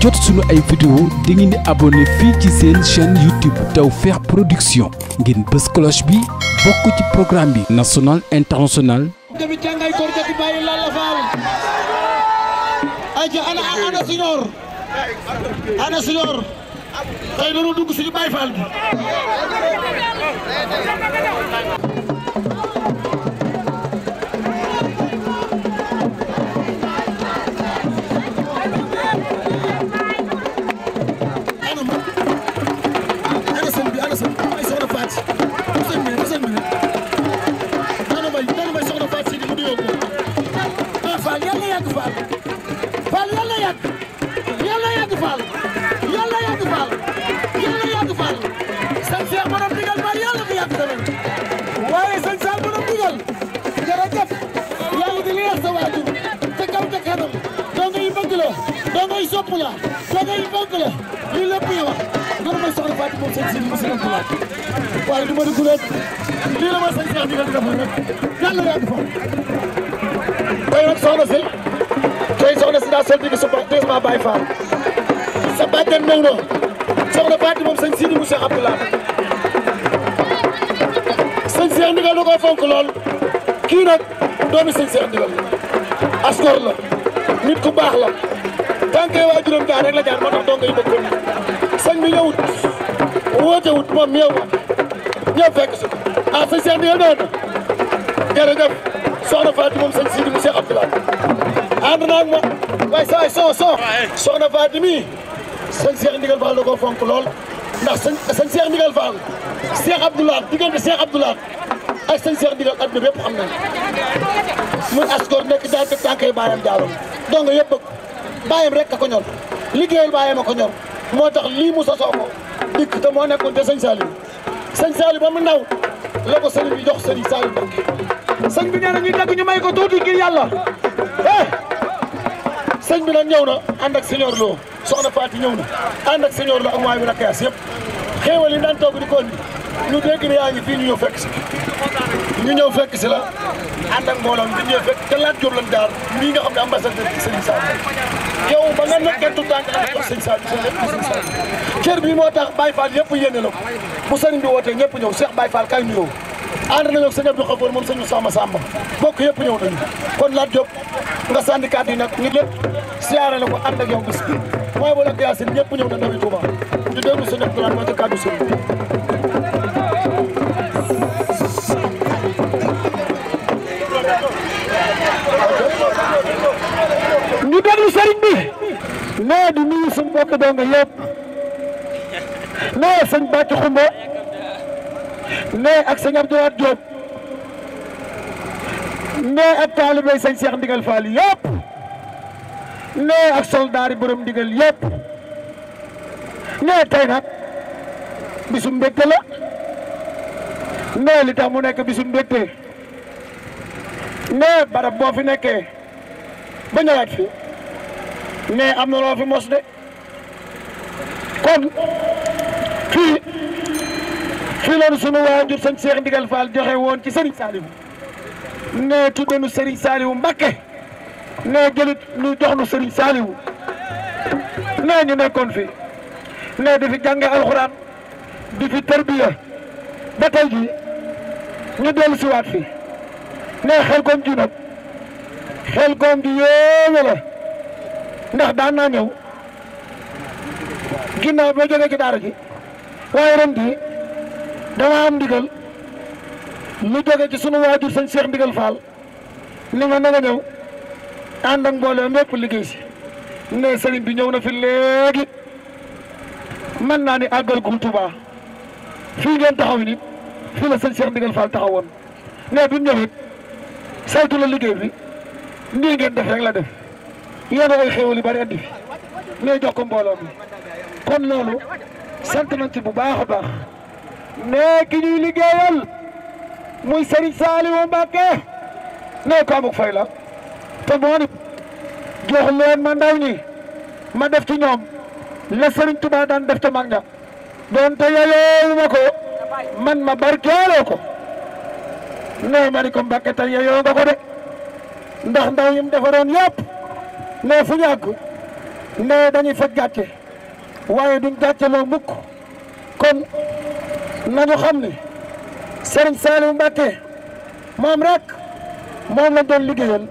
jot suñu ay vidéo da ngeen di abonné fii ci seen chaîne YouTube Tawfekh Production ngeen bës cloche bi bokk ci programme bi national international ana sinor ana sinor tey dañoo dugg suñu Baay Faal bi da ngay sopp la da ngay bëgg la lii lépp yow nga may soxla Fatou moom sëñ Sidi Moussa Lamb Laat waaye du ma dugg leen lii la ma sëñ Cheikh Ndigal defal rek yàlla yàgg fa tey si tey soxna si daa sol bi suba tey sama Baye Fall sa bàjjen mel noonu soxna Fatou moom sëñ Sidi Moussa Abdou Laat sëñ Cheikh Ndigal da koy fonk lool kii nag doomi sëñ Cheikh la nit ku baax la tànkee waajuram daa rek la jaar moo tax dong yi bëgg sëñ bi ñëwut woote wut moom ñëw ñëw fekk si ah sëñ Cheikh Ndiaye nee na jërëjëf soxna moom sëñ Sidi mu Cheikh Abdoulaye ànd naa ak ma waaye saa yi soo soo soxna Fatou mii sëñ Cheikh Ndigal Fall da koo fonk lool ndax sëñ sëñ Ndigal Fall Cheikh Abdoulaye diggante Cheikh Abdoulaye ak sëñ Cheikh Ndigal àdduna bépp xam nañ muy asgoor nekk daal te tànkee baayam jaaroon dong yëpp bëgg bàyyam rek a ko ñor liggéeyal bàyyam a ko ñor moo tax lii mu sosoo ko dikk te moo nekkoon te sëñ Saliou sëñ Saliou ba mu ndaw la ko sëriñ bi jox sëriñ Saliou sëñ bi nee a ñuy dagg ñu may ko tuuti ngir yàlla eh sëñ bi nag ñëw na ànd ak seigneur Lo soxna Faati ñëw na ànd ak seigneur Lo waay bi rakkaas yëpp xéewal yi daan toog di ko indi ñu dégg ne yaa ngi fii ñu ñëw fekk si ñu ñëw fekk si la ànd ak mbooloo mi ñu ñëw fekk te laaj Jóob lan daar mii nga xam ne ambassadeur ci Serigne Sall yow ba nga nekkee tout tànk la jox Serigne Sall cër bi moo tax baay Fall yëpp yéene na ko bu sëriñ bi wootee ñëpp ñëw seex Baye Fall kay ñu ñëw ànd nañu ak sëñ Abdou Khafour moom sëñu Samba Samba bokk yëpp ñëw nañu kon laaj Jóob nga sànni kàddu yi nag ñu lépp siyaare la ko ànd ak yow bis bi waaye wala Yacine ñëpp ñëw na ndawi Touba ñu déglu sëñ Abdou waaye di nuyu suñu mbokk donga yëpp nee sëñ Bàcc Xumba nee ak sëñ Abdou Lahad nee ak taalibey sëñ Cheikh Ndigal Fall yëpp nee ak soldaari borom ndigal yëpp nee tey nag bisu mbégte la nee li tax mu nekk bisu mbégte nee barab boo fi nekkee ba ñëwaat fi mais am na loo fi mos de kon fii fii leen sunu waajur sëñ Cheikh Ndigal Fall joxe woon ci sëriñ Saliou ne tudde nu Serigne Saliou Mbacké ne jëlit nu jox nu Serigne Saliou ne ñu nekkoon fi ne di fi jànge alxuraan di fi tarbiya ba tey ji ñu dellu siwaat fi ne xel koom ji xel koom ji yéeme la ndax daan naa ñëw ginnaaw boo jógee ci daara ji waaye ren jii dama am ndigal lu jóge ci sunu waajur sëñ Cheikh Ndigal Fall li nga na nga ñëw ànd ak mbooloo liggéey si ne sëriñ bi ñëw na fi léegi mën naa ni àggal gum Tuubaa fii ngeen taxaw nit fii la sëñ Cheikh Ndigal Fall taxawoon ne bi mu ñëwit saytu la liggéey bi nii ngeen def rek la def yéen ay xéwal yu bari andi fi jox ko mbooloom mi kon loolu sant nañ ci bu baax a baax mais ki ñuy liggéeyal muy Serigne Saliou Mbacké nee ko amuk fay la te moo ni jox leen ma ndaw ñi ma def ci ñoom la Serigne Touba daan def ca mag ña donte yeyoowu ma ko man ma barkeeloo ko nee ma ni ko Mbacké ta yeyoo nga ko de ndax ndaw ñi mu defaroon yëpp mais fu ñu àgg dañuy faj gàcce waaye duñ gàcce loo mukk kon nañu xam ne Serigne Saliou Mbacké moom rek moom lañ doon liggéeyal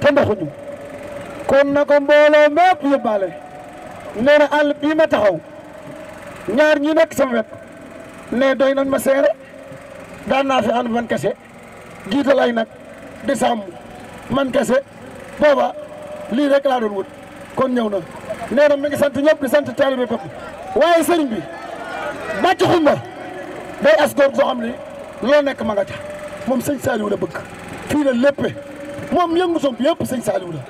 te ndoxuñu kon na ko mbooloo mépp yóbbaale nee na àll bii ma taxaw ñaar ñi nekk sama wet ne doy nañ ma seere daan naa fi ànd man kese jiital ay nag di man kese booba lii rek laa doon wut kon ñëw na nee na mi ngi sant ñëpp di sant taalibe bépp waaye sëriñ bi bàcc xumba day as góor goo xam ni loo nekk ma nga ca moom sëñ Saliou la bëgg fii la léppe moom yëngu som yëpp sëñ Saliou la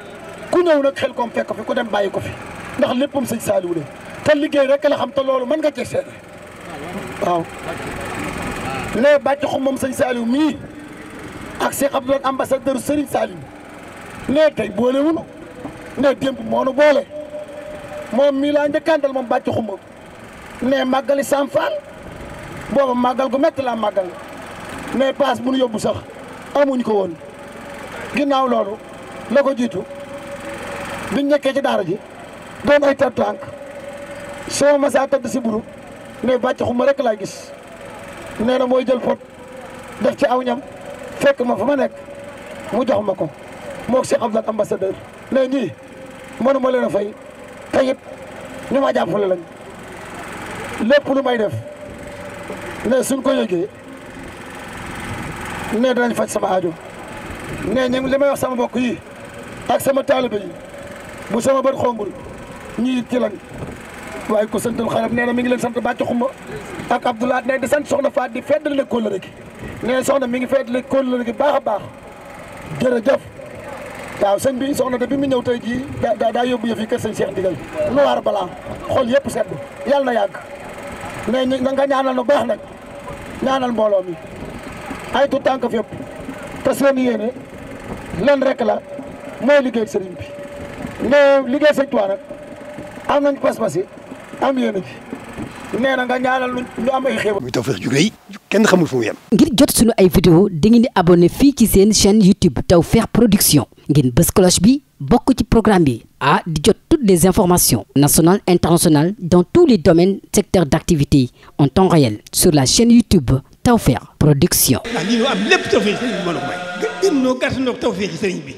ku ñëw nag xel koom fekk fi ku dem bàyyi ko fi ndax léppam sëñ Saliou la te liggéey rek la xam te loolu mën nga cee seede waaw nee bàcc xumba moom sëñ Saliou mii ak Cheikh Abdoulaye ambassadeur Serigne Saliou ne tey boolewunu ndax démb moo nu boole moom mii laa njëkkaantal moom bàcc xumba ne màggali Sam Fall booba màggal gu métti laa màggal ne paas bu nu yóbbu sax amuñ ko woon ginnaaw loolu la ko jiitu bi nekkee ci daara ji doon ay tànk tànk soo ma saa tëdd si buru ne bàcc xumba rek laa gis nee na mooy jël pot def ci aw ñam fekk ma fa ma nekk mu jox ma ko moog Cheikh Abdoulaye ambassadeur ne ñii mënuma leen a fay te it ñu ma jàppale lañ lépp lu may def ne suñ ko yëgee ne danañ faj sama ajo ne ñu li may wax sama mbokk yi ak sama taalibe yi bu sama bët xongul ñi it ci lañ waaye ko santal xarab nee na mi ngi leen sant bàcc xumba ak Abdoulaye ne di sant soxna Faat di feddali la rek gi ne soxna mi ngi feddali la gi baax a baax jërëjëf waaw sëñ bi soxna de bi mu ñëw tey jii daa daa yóbbu yëf yi kër sëñ Cheikh Ndigal noir blanc xol yëpp sedd yàlla na yàgg mais ñu nga ñaanal nu baax nag ñaanal mbooloo mi ay tu tànk fépp te seen yéene leen rek la mooy liggéey sëriñ bi mais liggéey sëñ Tuubaa nag am nañ pas am yéene ji nee na nga ñaanal lu am ay xéewal muy Tawfekh ju kenn xamul fu mu yem. ngir jot sunu ay vidéo dangeen di abonné fii ci seen chaîne YouTube Tawfekh Production ngeen bës bi bokk ci programme bi ah di jot toutes les informations nationales internationales dans tous les domaines secteurs d'activité en temps réel sur la chaîne YouTube Tawfekh Production. Ah,